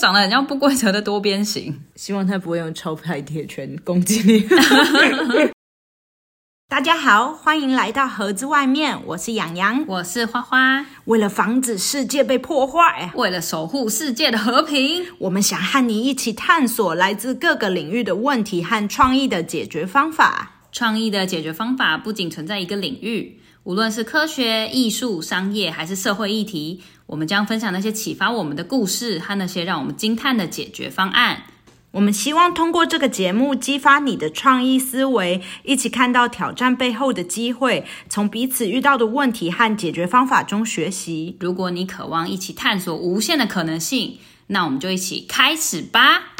長得很像不規則的多邊形，希望他不會用超派鐵拳攻擊你。 大家好，歡迎來到盒子外面，我是洋洋，我是花花。為了防止世界被破壞，為了守護世界的和平，我們想和你一起探索來自各個領域的問題和創意的解決方法。創意的解決方法不僅存在一個領域，無論是科學、藝術、商業還是社會議題。我們將分享那些啟發我們的故事和那些讓我們驚嘆的解決方案。我們希望通過這個節目激發你的創意思維，一起看到挑戰背後的機會，從彼此遇到的問題和解決方法中學習。如果你渴望一起探索無限的可能性，那我們就一起開始吧。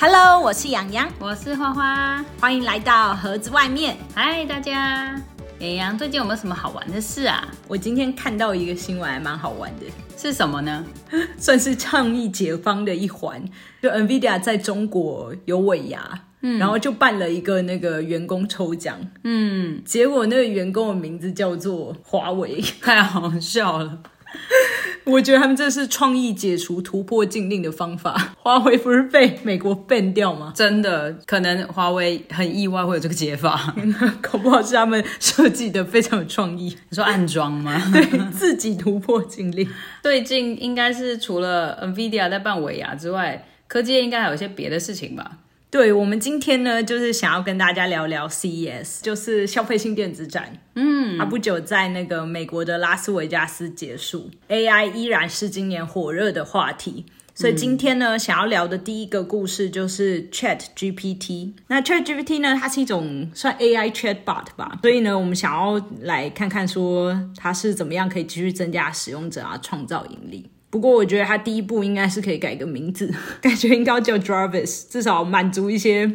Hello，我是楊洋，洋，我是花花，歡迎來到盒子外面。嗨，大家！楊洋最近有沒有什麼好玩的事啊？我今天看到一個新聞，還蠻好玩的，是什麼呢？ 算是倡議解方的一環，就 Nvidia 在中國有尾牙，嗯、然後就辦了一個那個員工抽獎，嗯，結果那個員工的名字叫做華為， 太好笑了。 我覺得他們這是創意解除突破禁令的方法。華為不是被美國 ban 掉嗎？真的，可能華為很意外會有這個解法，搞 不好是他們設計的非常有創意。你說暗裝嗎？對，對自己突破禁令。最 近應該是除了 NVIDIA 在辦尾牙之外，科技應該還有一些別的事情吧。對，我們今天呢，就是想要跟大家聊聊 CES，就是消費性電子展。嗯，它不久在那個美國的拉斯維加斯結束。AI 依然是今年火熱的話題，所以今天呢，嗯、想要聊的第一個故事就是 ChatGPT。那 ChatGPT 呢，它是一種算 AI chatbot 吧？所以呢，我們想要來看看說它是怎麼樣可以繼續增加使用者啊，創造盈利。不過我覺得他第一步應該是可以改個名字，感覺應該要叫 Jarvis，至少滿足一些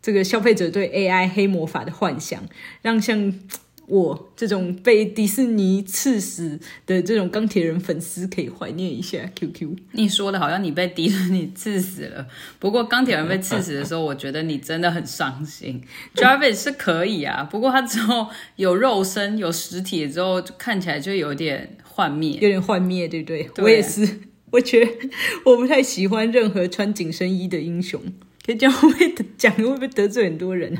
這個消費者對 AI 黑魔法的幻想，讓像我這種被迪士尼刺死的這種鋼鐵人粉絲可以懷念一下 QQ。你說的好像你被迪士尼刺死了，不過鋼鐵人被刺死的時候，我覺得你真的很傷心。Jarvis 是可以啊，不過他之後有肉身、有實體之後，就看起來就有點。幻滅，有點幻滅，對不對？對我也是，我覺得我不太喜歡任何穿緊身衣的英雄，可以這樣會講，會不會得罪很多人？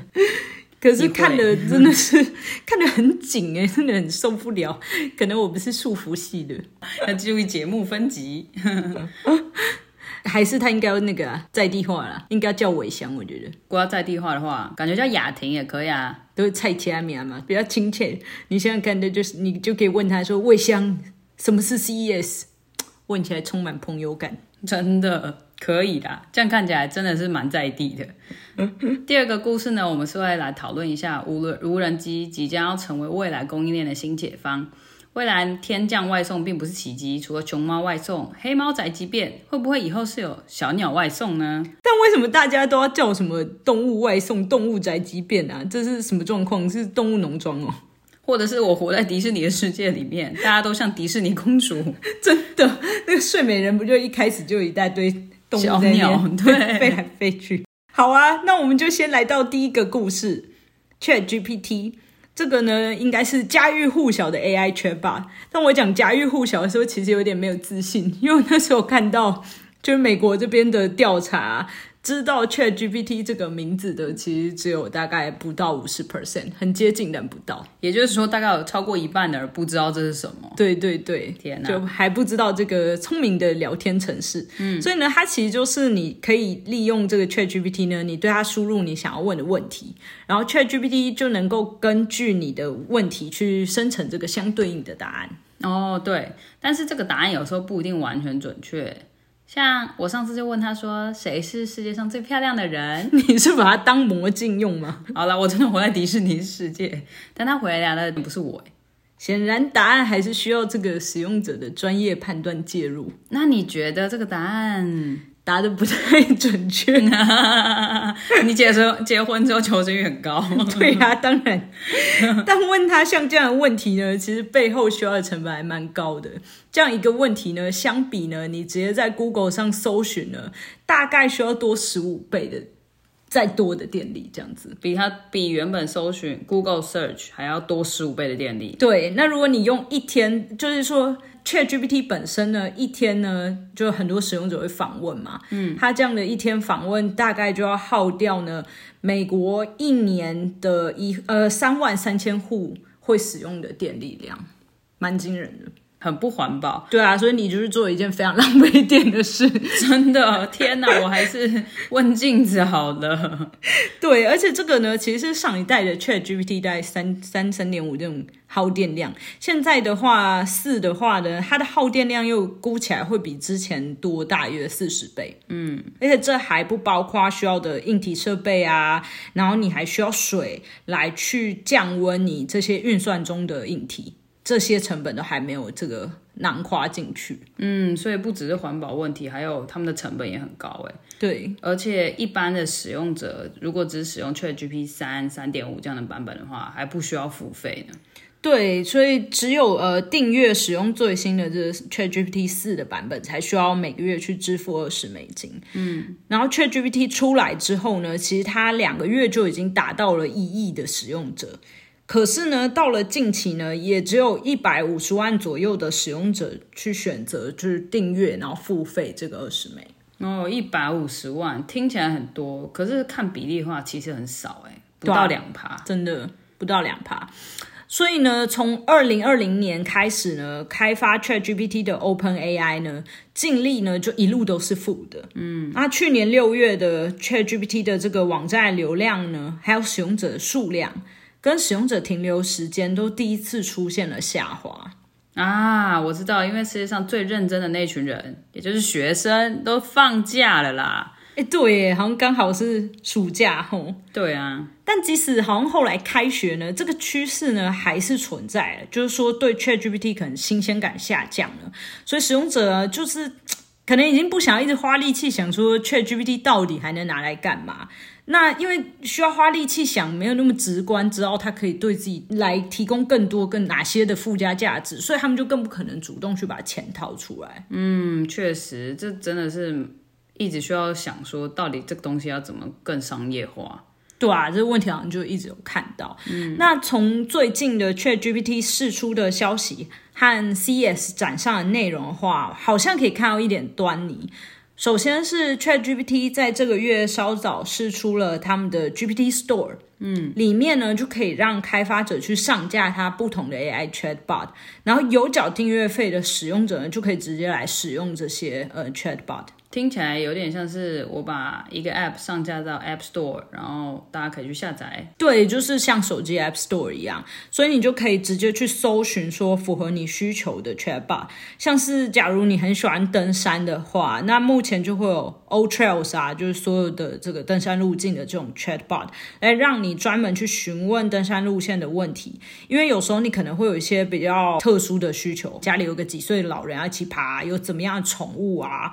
可是看的真的是也會 看得很緊誒，真的很受不了。可能我不是束縛系的，要注意節目分級。 啊還是他應該那個、啊，在地化了，應該叫偉祥，我覺得。如果要在地化的話，感覺叫雅婷也可以啊，都是菜市名嘛，比較親切。你現在看的就是，你就可以問他說：“偉祥，什麼是 CES？” 問起來充滿朋友感，真的可以的。這樣看起來真的是蠻在地的。 第二個故事呢，我們是要來討論一下，無論無人機即將要成為未來供應鏈的新解方。未來天降外送並不是奇蹟，除了熊貓外送，黑貓宅急便會不會以後是有小鳥外送呢？但為什麼大家都要叫什麼動物外送、動物宅急便啊？這是什麼狀況？是動物農莊哦，或者是我活在迪士尼的世界裡面，大家都像迪士尼公主， 真的？那個睡美人不就一開始就一大堆動物小鳥對飛來飛去？好啊，那我們就先來到第一個故事，Chat GPT。Ch 這個呢，應該是家喻戶曉的 AI 圈吧。但我講家喻戶曉的時候，其實有點沒有自信，因為那時候看到就是美國這邊的調查啊，知道 ChatGPT 這個名字的，其實只有大概不到五十 percent，很接近但不到。也就是說，大概有超過一半的人不知道這是什麼。對對對，天哪，就還不知道這個聰明的聊天程式。嗯，所以呢，它其實就是你可以利用這個 ChatGPT 呢，你對它輸入你想要問的問題，然後 ChatGPT 就能夠根據你的問題去生成這個相對應的答案。哦，對，但是這個答案有時候不一定完全準確。像我上次就問他說，誰是世界上最漂亮的人？你是把它當魔鏡用嗎？好了，我真的活在迪士尼世界，但他回來的不是我耶。顯然，答案還是需要這個使用者的專業判斷介入。那你覺得這個答案答得不太準確呢、啊。 你結成結婚之後求生慾很高。 對啊，當然。但問他像這樣的問題呢，其實背後需要的成本還蠻高的。這樣一個問題呢，相比呢，你直接在 Google 上搜尋呢，大概需要多十五倍的再多的電力，這樣子，比他比原本搜尋 Google Search 還要多十五倍的電力。對，那如果你用一天，就是說。ChatGPT 本身呢，一天呢，就很多使用者會訪問嘛，嗯，它這樣的一天訪問大概就要耗掉呢美國一年的一呃三萬三千戶會使用的電力量，蠻驚人的。很不環保，對啊，所以你就是做一件非常浪費電的事， 真的，天哪， 我還是問鏡子好了。 對，而且這個呢，其實是上一代的 Chat GPT 大概三三三點五這種耗電量，現在的話四的話呢，它的耗電量又估起來會比之前多大約四十倍，嗯，而且這還不包括需要的硬體設備啊，然後你還需要水來去降溫，你這些運算中的硬體。這些成本都還沒有這個囊括進去，嗯，所以不只是環保問題，還有他們的成本也很高哎。對，而且一般的使用者如果只使用 ChatGPT 三三點五這樣的版本的話，還不需要付費呢。對，所以只有呃訂閱使用最新的這 ChatGPT 四的版本，才需要每個月去支付二十美金。嗯，然後 ChatGPT 出來之後呢，其實它兩個月就已經達到了一億的使用者。可是呢，到了近期呢，也只有一百五十萬左右的使用者去選擇，就是訂閱然後付費這個二十美哦，一百五十萬聽起來很多，可是看比例的話，其實很少哎，不到兩趴，真的不到兩趴。所以呢，從二零二零年開始呢，開發 Chat GPT 的 Open AI 呢，淨利呢就一路都是負的。嗯，那、啊、去年六月的 Chat GPT 的這個網站流量呢，還有使用者的數量跟使用者停留時間都第一次出現了下滑啊！我知道，因為世界上最認真的那群人，也就是學生，都放假了啦。哎、欸，對耶，好像剛好是暑假吼。對啊，但即使好像後來開學呢，這個趨勢呢還是存在，就是說對 ChatGPT 可能新鮮感下降了，所以使用者就是可能已經不想一直花力氣想說 ChatGPT 到底還能拿來幹嘛。那因為需要花力氣想，沒有那麼直觀，知道它可以對自己來提供更多更哪些的附加價值，所以他們就更不可能主動去把錢掏出來。嗯，確實，這真的是一直需要想說，到底這個東西要怎麼更商業化？對啊，這個問題好像就一直有看到。嗯。那從最近的 ChatGPT 釋出的消息和 CS 展上的內容的話，好像可以看到一點端倪。首先是 ChatGPT 在這個月稍早釋出了他們的 GPT Store。嗯，裡面呢就可以讓開發者去上架它不同的 AI chatbot，然後有繳訂閱費的使用者呢就可以直接來使用這些呃 chatbot。Chat bot 聽起來有點像是我把一個 app 上架到 App Store，然後大家可以去下載。對，就是像手機 App Store 一樣，所以你就可以直接去搜尋說符合你需求的 chatbot。像是假如你很喜歡登山的話，那目前就會有。Old Trails 啊，就是所有的這個登山路徑的這種 chatbot，哎，讓你專門去詢問登山路線的問題，因為有時候你可能會有一些比較特殊的需求，家裡有個幾歲的老人要一起爬，有怎麼樣的寵物啊，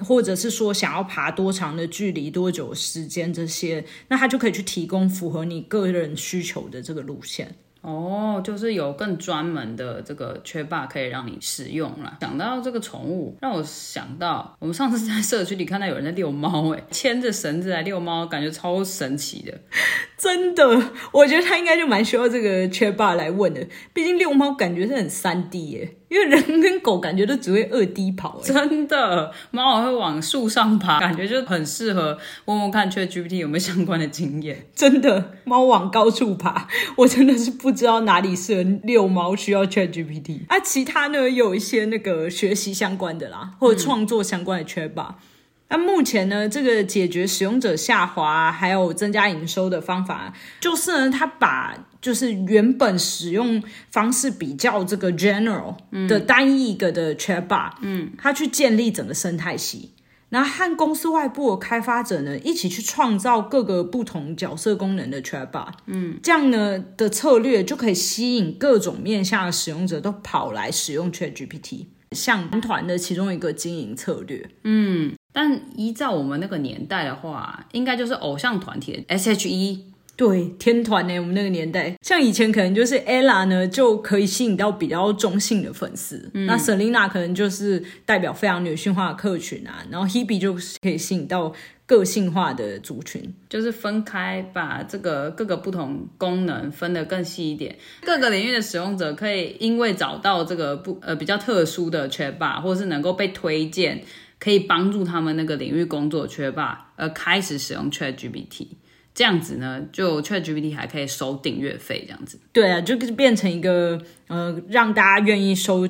或者是說想要爬多長的距離、多久時間這些，那他就可以去提供符合你個人需求的這個路線。哦，就是有更專門的這個缺霸可以讓你使用啦。講到這個寵物，讓我想到我們上次在社區裡看到有人在遛貓，欸，誒牽着繩子來遛貓，感覺超神奇的。 真的，我覺得他應該就蠻需要這個缺爸來問的。畢竟遛貓感覺是很三 D 耶，因為人跟狗感覺都只會二 D 跑誒。真的，貓還會往樹上爬，感覺就很適合問問，問看 ChatGPT 有沒有相關的經驗。真的，貓往高處爬，我真的是不知道哪裡是遛貓需要 ChatGPT。啊，其他呢，有一些那個學習相關的啦，或者創作相關的缺爸。嗯那、啊、目前呢，這個解決使用者下滑、啊、還有增加營收的方法、啊，就是呢，他把就是原本使用方式比較這個 general 的單一一個的 chat bot，嗯，他去建立整個生態系，嗯、然後和公司外部的開發者呢一起去創造各個不同角色功能的 chat bot，嗯，這樣呢的策略就可以吸引各種面向的使用者都跑來使用 ChatGPT，像團的其中一個經營策略，嗯。但依照我們那個年代的話，應該就是偶像團體 S.H.E 對天團呢。我們那個年代，像以前可能就是 Ella 呢就可以吸引到比較中性的粉絲，嗯、那 Selina 可能就是代表非常女性化的客群啊，然後 Hebe 就可以吸引到個性化的族群，就是分開把這個各個不同功能分得更細一點，各個領域的使用者可以因為找到這個不呃比較特殊的圈吧，或是能夠被推薦。可以幫助他們那個領域工作缺乏，呃，開始使用 ChatGPT，這樣子呢，就 ChatGPT 還可以收訂閱費，這樣子。對啊，就變成一個呃，讓大家願意收，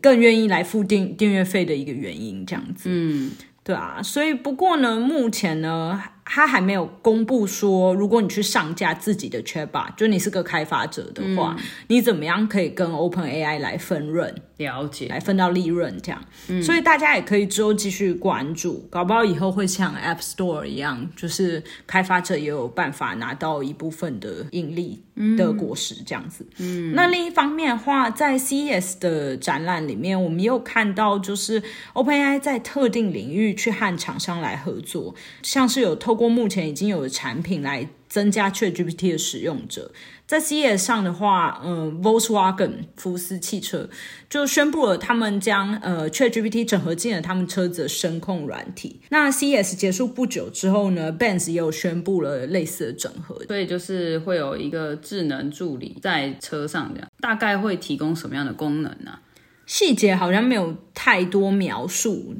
更願意來付訂訂閱費的一個原因，這樣子。嗯，對啊。所以，不過呢，目前呢。他還沒有公布說，如果你去上架自己的 CHB 拔，就你是個開發者的話，嗯、你怎麼樣可以跟 OpenAI 來分潤？了解，來分到利潤這樣。嗯、所以大家也可以之後繼續關注，搞不好以後會像 App Store 一樣，就是開發者也有辦法拿到一部分的盈利的果實這樣子。嗯，嗯，那另一方面的話，在 CES 的展覽裡面，我們也有看到就是 OpenAI 在特定領域去和廠商來合作，像是有透。過目前已經有的產品來增加 ChatGPT 的使用者，在 CS 上的話，嗯、呃，Volkswagen 福斯汽車就宣布了他們將呃 ChatGPT 整合進了他們車子的聲控軟體。那 CS 結束不久之後呢，Benz 也有宣布了類似的整合，所以就是會有一個智能助理在車上，這樣大概會提供什麼樣的功能呢、啊？細節好像沒有太多描述。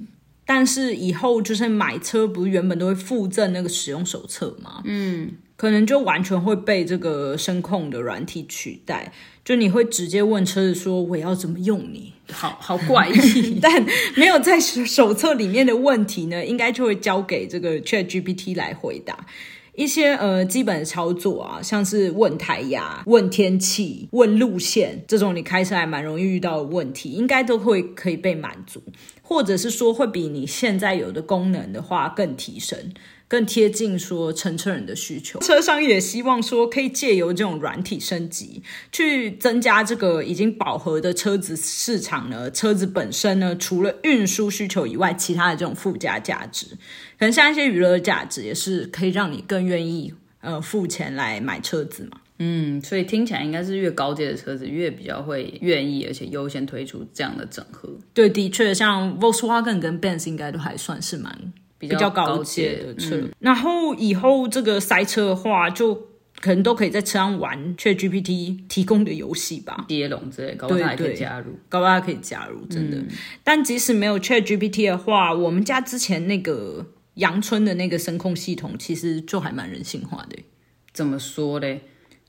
但是以後就是買車，不是原本都會附贈那個使用手冊嗎？嗯，可能就完全會被這個聲控的軟體取代。就你會直接問車子說：“我要怎麼用你？”你好好怪異。 但沒有在手冊裡面的問題呢，應該就會交給這個 ChatGPT 來回答。一些呃基本的操作啊，像是問胎壓、問天氣、問路線，這種你開車還蠻容易遇到的問題，應該都會可以被滿足，或者是說會比你現在有的功能的話更提升。更貼近說乘車人的需求，車商也希望說可以借由這種軟體升級，去增加這個已經飽和的車子市場呢。車子本身呢，除了運輸需求以外，其他的這種附加價值，可能像一些娛樂的價值，也是可以讓你更願意呃付錢來買車子嘛。嗯，所以聽起來應該是越高階的車子越比較會願意，而且優先推出這樣的整合。對，的確，像 Volkswagen 跟 Benz 應該都還算是蠻。比較高階的車，然後以後這個塞車的話，就可能都可以在車上玩 Chat GPT 提供的遊戲吧，接龍之類，搞不好他可以加入，搞不好他可以加入，真的。嗯、但即使沒有 Chat GPT 的話，我們家之前那個陽春的那個聲控系統其實就還蠻人性化的。怎麼說嘞？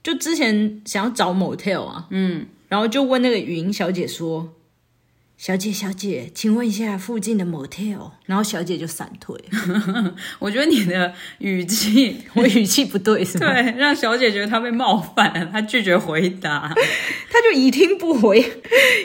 就之前想要找 motel 啊，嗯，然後就問那個語音小姐說，小姐，小姐，請問一下附近的 motel。然後小姐就閃退。我覺得你的語氣，我語氣不對，是吧？對，讓小姐覺得她被冒犯了，她拒絕回答，她就已讀不回。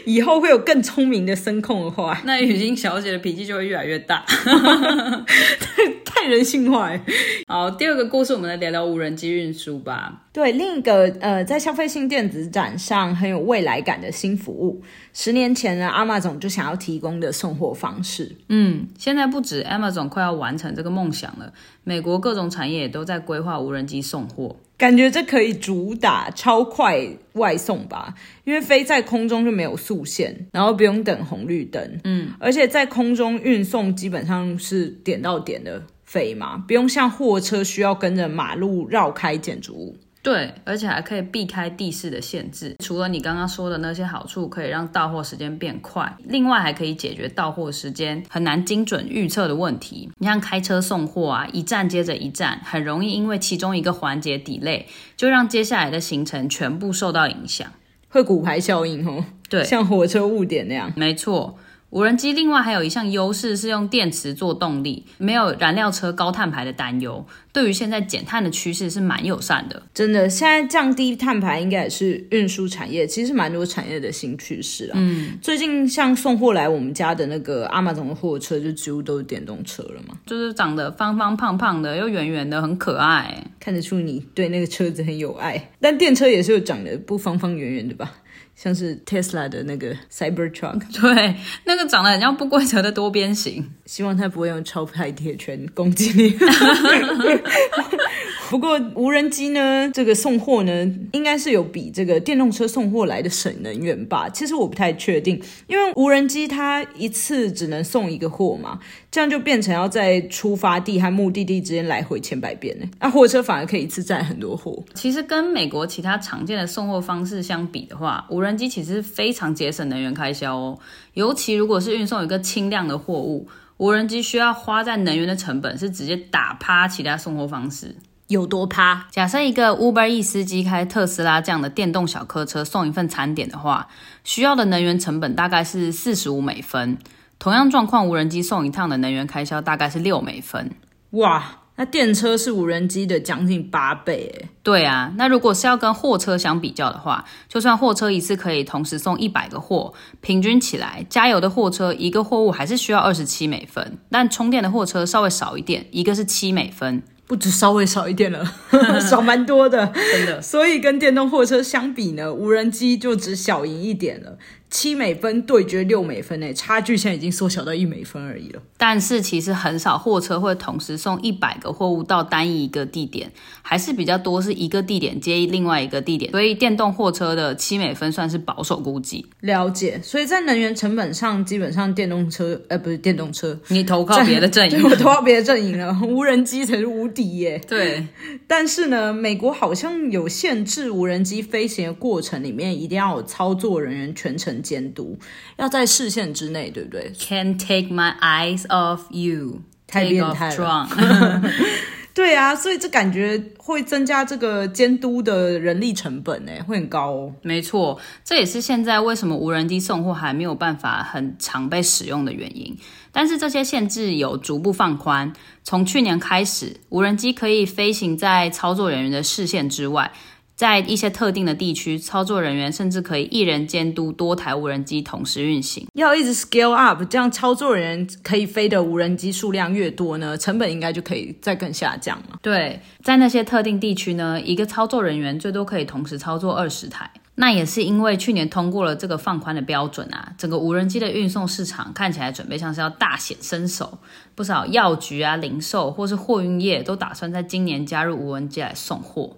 以後會有更聰明的聲控的話，那語音小姐的脾氣就會越來越大。 人性化、欸。 好，第二個故事，我們來聊聊無人機運輸吧。對，另一個呃，在消費性電子展上很有未來感的新服務，十年前呢，Amazon 就想要提供的送貨方式。嗯，現在不止 Amazon 快要完成這個夢想了，美國各種產業也都在規劃無人機送貨。感覺這可以主打超快外送吧，因為飛在空中就沒有速限，然後不用等紅綠燈。嗯，而且在空中運送基本上是點到點的。飛嘛，不用像貨車需要跟着馬路繞開建築物，對，而且還可以避開地勢的限制。除了你剛剛說的那些好處，可以讓到貨時間變快，另外還可以解決到貨時間很難精準預測的問題。你像開車送貨啊，一站接着一站，很容易因為其中一個環節 delay，就讓接下來的行程全部受到影響，會骨牌效應哦。對，像火車誤點那樣。沒錯。無人機另外還有一項優勢是用電池做動力，沒有燃料車高碳排的擔憂，對於現在減碳的趨勢是蠻友善的。真的，現在降低碳排應該也是運輸產業其實蠻多產業的新趨勢啊。嗯，最近像送貨來我們家的那個亞馬遜的貨車就幾乎都是電動車了嘛，就是長得方方胖胖的又圓圓的，很可愛。看得出你對那個車子很有愛。但電車也是有長得不方方圓圓的吧？像是 Tesla 的那個 Cybertruck，對，那個長得很像不規則的多邊形。希望它不會用超派鐵拳攻擊你。 不過無人機呢，這個送貨呢，應該是有比這個電動車送貨來的省能源吧？其實我不太確定，因為無人機它一次只能送一個貨嘛，這樣就變成要在出發地和目的地之間來回千百遍。啊，那貨車反而可以一次載很多貨。其實跟美國其他常見的送貨方式相比的話，無人機其實非常節省能源開銷哦。尤其如果是運送一個輕量的貨物，無人機需要花在能源的成本是直接打趴其他送貨方式。有多趴？假設一個 Uber E 司機開特斯拉這樣的電動小客車送一份餐點的話，需要的能源成本大概是四十五美分。同樣狀況，無人機送一趟的能源開銷大概是六美分。哇，那電車是無人機的將近八倍誒。對啊，那如果是要跟貨車相比較的話，就算貨車一次可以同時送一百個貨，平均起來加油的貨車一個貨物還是需要二十七美分，但充電的貨車稍微少一點，一個是七美分。不止稍微少一點了， 少蠻多的， 真的。所以跟電動貨車相比呢，無人機就只小贏一點了。七美分對決六美分呢，欸，差距現在已經縮小到一美分而已了。但是其實很少貨車會同時送一百個貨物到單一一個地點，還是比較多是一個地點接另外一個地點。所以電動貨車的七美分算是保守估計。了解。所以在能源成本上，基本上電動車，呃，不是電動車，你投靠別的陣營，我投靠別的陣營了。無人機才是無敵耶。對。但是呢，美國好像有限制無人機飛行的過程裡面一定要有操作人員全程。監督要在視線之內，對不對？Can take my eyes off you，太變態，對啊，所以這感覺會增加這個監督的人力成本，會很高哦。沒錯，這也是現在為什麼無人機送貨還沒有辦法很常被使用的原因。但是這些限制有逐步放寬，從去年開始，無人機可以飛行在操作人員的視線之外。在一些特定的地區，操作人員甚至可以一人監督多台無人機同時運行。要一直 scale up，這樣操作人員可以飛的無人機數量越多呢，成本應該就可以再更下降了。對，在那些特定地區呢，一個操作人員最多可以同時操作二十台。那也是因為去年通過了這個放寬的標準啊，整個無人機的運送市場看起來準備像是要大顯身手。不少藥局啊、零售或是貨運業都打算在今年加入無人機來送貨。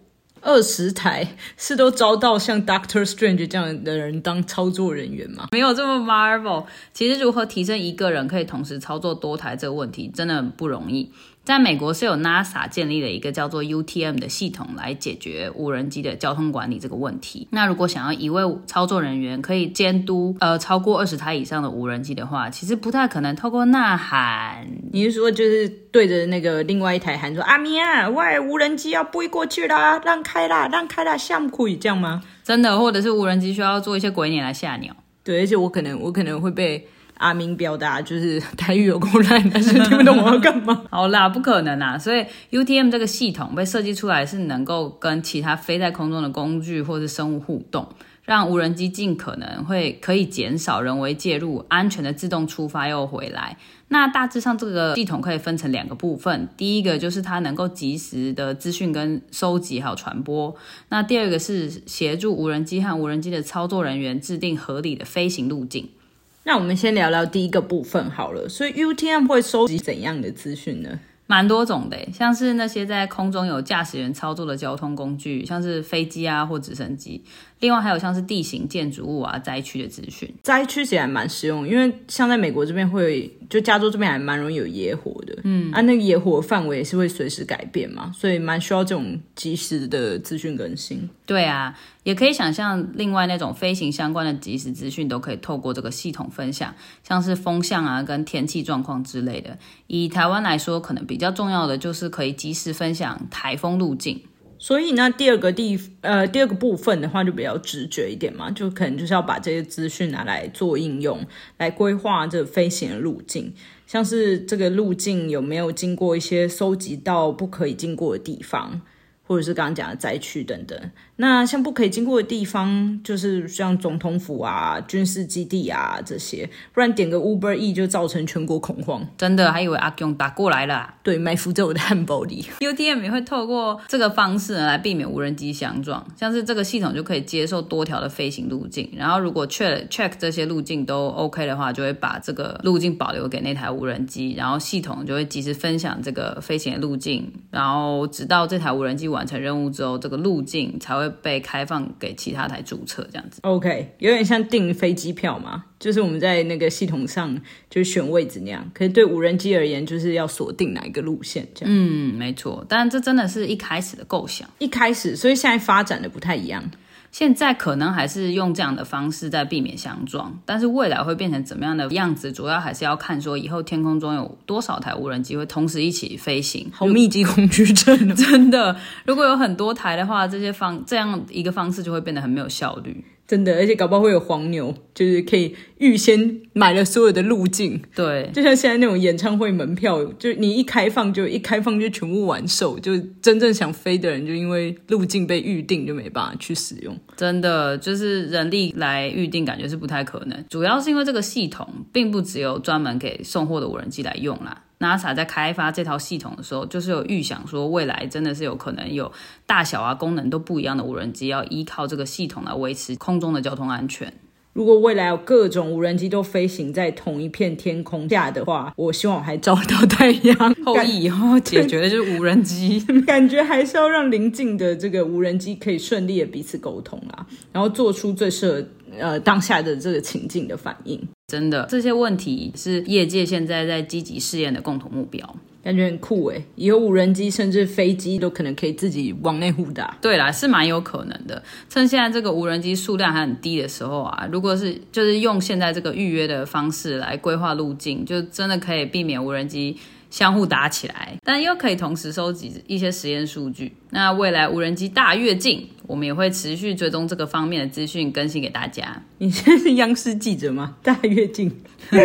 二十台是都招到像 Doctor Strange 這樣的人當操作人員嗎？沒有這麼 Marvel。其實，如何提升一個人可以同時操作多台這個問題，真的很不容易。在美國是有 NASA 建立了一個叫做 UTM 的系統來解決無人機的交通管理這個問題。那如果想要一位操作人員可以監督呃超過二十台以上的無人機的話，其實不太可能透過吶喊。你是說就是對着那個另外一台喊說阿、啊、咪呀、啊，喂，無人機要飛過去啦，讓開啦，讓開啦，嚇鬼這樣嗎？真的，或者是無人機需要做一些鬼臉來嚇你哦？對，而且我可能我可能會被。阿明表達就是待遇有夠爛，但是聽不懂我要幹嘛。 好啦，不可能啊！所以 U T M 這個系統被設計出來是能夠跟其他飛在空中的工具或者生物互動，讓無人機盡可能會可以減少人為介入，安全的自動出發又回來。那大致上這個系統可以分成兩個部分，第一個就是它能夠即時的資訊跟收集還有傳播，那第二個是協助無人機和無人機的操作人員制定合理的飛行路徑。那我們先聊聊第一個部分好了，所以 UTM 會收集怎樣的資訊呢？蠻多種的，像是那些在空中有駕駛員操作的交通工具，像是飛機啊，或直升機。另外還有像是地形、建築物啊、災區的資訊，災區其實還蠻實用，因為像在美國這邊會，就加州這邊還蠻容易有野火的，嗯，啊，那個野火範圍也是會隨時改變嘛，所以蠻需要這種即時的資訊更新。對啊，也可以想象，另外那種飛行相關的即時資訊都可以透過這個系統分享，像是風向啊、跟天氣狀況之類的。以台灣來說，可能比較重要的就是可以即時分享台風路徑。所以，那第二個地，呃，第二個部分的話，就比較直覺一點嘛，就可能就是要把這些資訊拿來做應用，來規劃這個飛行的路徑，像是這個路徑有沒有經過一些收集到不可以經過的地方。或者是剛剛講的災區等等，那像不可以經過的地方，就是像總統府啊、軍事基地啊這些，不然點個 Uber E 就造成全國恐慌，真的還以為阿共打過來了。對，埋伏在我的漢堡裡。UTM 也會透過這個方式呢來避免無人機相撞，像是這個系統就可以接受多條的飛行路徑，然後如果 check check 這些路徑都 OK 的話，就會把這個路徑保留給那台無人機，然後系統就會及時分享這個飛行的路徑，然後直到這台無人機。完成任務之後，這個路徑才會被開放給其他台註冊，這樣子。OK，有點像訂飛機票嘛，就是我們在那個系統上就是選位置那樣。可是對無人機而言，就是要鎖定哪一個路線這樣子。嗯，沒錯。但這真的是一開始的構想，一開始，所以現在發展的不太一樣。現在可能還是用這樣的方式在避免相撞，但是未來會變成怎麼樣的樣子，主要還是要看說以後天空中有多少台無人機會同時一起飛行。好密集恐懼症， 真的，如果有很多台的話，這些方這樣一個方式就會變得很沒有效率。真的，而且搞不好會有黃牛，就是可以預先買了所有的路徑。對，就像現在那種演唱會門票，就你一開放就一開放就全部完售，就真正想飛的人就因為路徑被預定就沒辦法去使用。真的，就是人力來預定感覺是不太可能，主要是因為這個系統並不只有專門給送貨的無人機來用啦。NASA 在開發這套系統的時候，就是有預想說，未來真的是有可能有大小啊、功能都不一樣的無人機，要依靠這個系統來維持空中的交通安全。如果未來有各種無人機都飛行在同一片天空下的話，我希望我還照到太陽。後裔以後解決的就是無人機，感覺還是要讓鄰近的這個無人機可以順利的彼此溝通啦，然後做出最適合，呃，當下的這個情境的反應。真的，這些問題是業界現在在積極試驗的共同目標，感覺很酷哎！以後無人機甚至飛機都可能可以自己往內互打。對啦，是蠻有可能的。趁現在這個無人機數量還很低的時候啊，如果是就是用現在這個預約的方式來規劃路徑，就真的可以避免無人機相互打起來，但又可以同時收集一些實驗數據。那未來無人機大躍進，我們也會持續追蹤這個方面的資訊更新給大家。你現在是央視記者嗎？大躍進，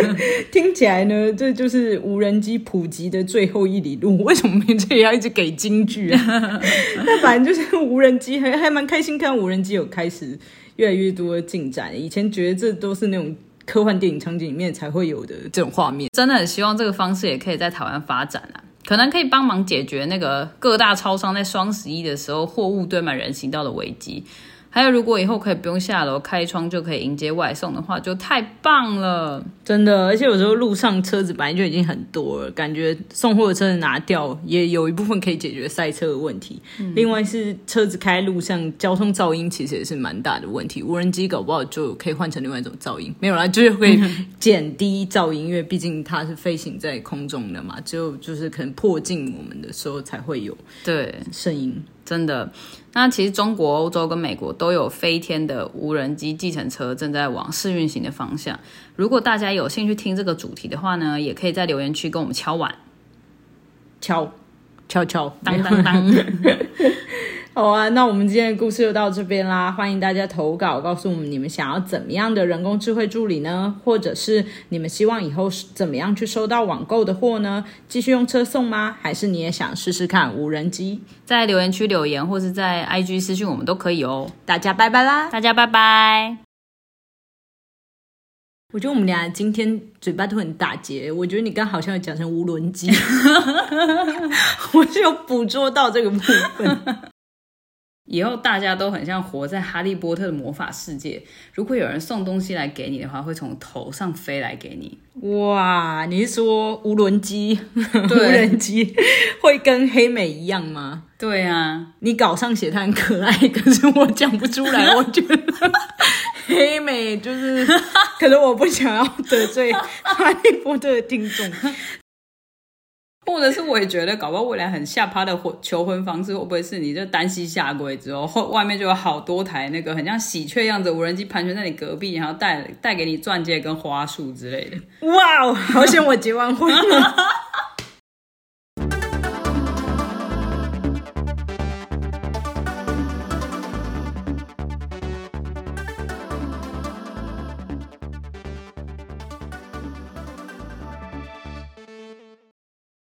聽起來呢，這就是無人機普及的最後一里路。為什麼這裡要一直給金句啊？ 那反正就是無人機，還還蠻開心，看無人機有開始越來越多的進展。以前覺得這都是那種。科幻電影場景裡面才會有的這種畫面，真的很希望這個方式也可以在台灣發展啊。可能可以幫忙解決那個各大超商在雙十一的時候貨物堆滿人行道的危機。還有，如果以後可以不用下樓開窗就可以迎接外送的話，就太棒了，真的。而且有時候路上車子本來就已經很多了，感覺送貨的車子拿掉也有一部分可以解決塞車的問題。另外是車子開路上交通噪音其實也是蠻大的問題，無人機搞不好就可以換成另外一種噪音。沒有啦，就是會減低噪音，因為畢竟它是飛行在空中的嘛，只有就是可能迫近我們的時候才會有對聲音。真的，那其實中國、歐洲跟美國都有飛天的無人機計程車正在往試運行的方向。如果大家有興趣聽這個主題的話呢，也可以在留言區跟我們敲碗，敲敲敲，當當當。 好、oh、啊，那我們今天的故事就到這邊啦。歡迎大家投稿，告訴我們你們想要怎麼樣的人工智慧助理呢？或者是你們希望以後是怎麼樣去收到網購的貨呢？繼續用車送嗎？還是你也想試試看無人機？在留言區留言，或是在 IG 私訊我們都可以哦。大家拜拜啦！大家拜拜。我覺得我們倆今天嘴巴都很打結。我覺得你剛好像有講成無人機， 我就捕捉到這個部分。 以後大家都很像活在哈利波特的魔法世界。如果有人送東西來給你的話，會從頭上飛來給你。哇，你是說無人機？對無人機會跟黑美一樣嗎？對啊，你稿上寫她很可愛，可是我講不出來。我覺得黑美就是，可能我不想要得罪哈利波特的聽眾。或者是我也覺得，搞不好未來很下趴的婚求婚方式會不會是你就單膝下跪之後，後外面就有好多台那個很像喜鵲樣子無人機盤旋在你隔壁，然後帶帶給你鑽戒跟花束之類的。哇哦、wow，好想我結完婚。